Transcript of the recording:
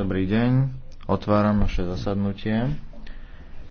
Dobrý deň, otváram naše zasadnutie.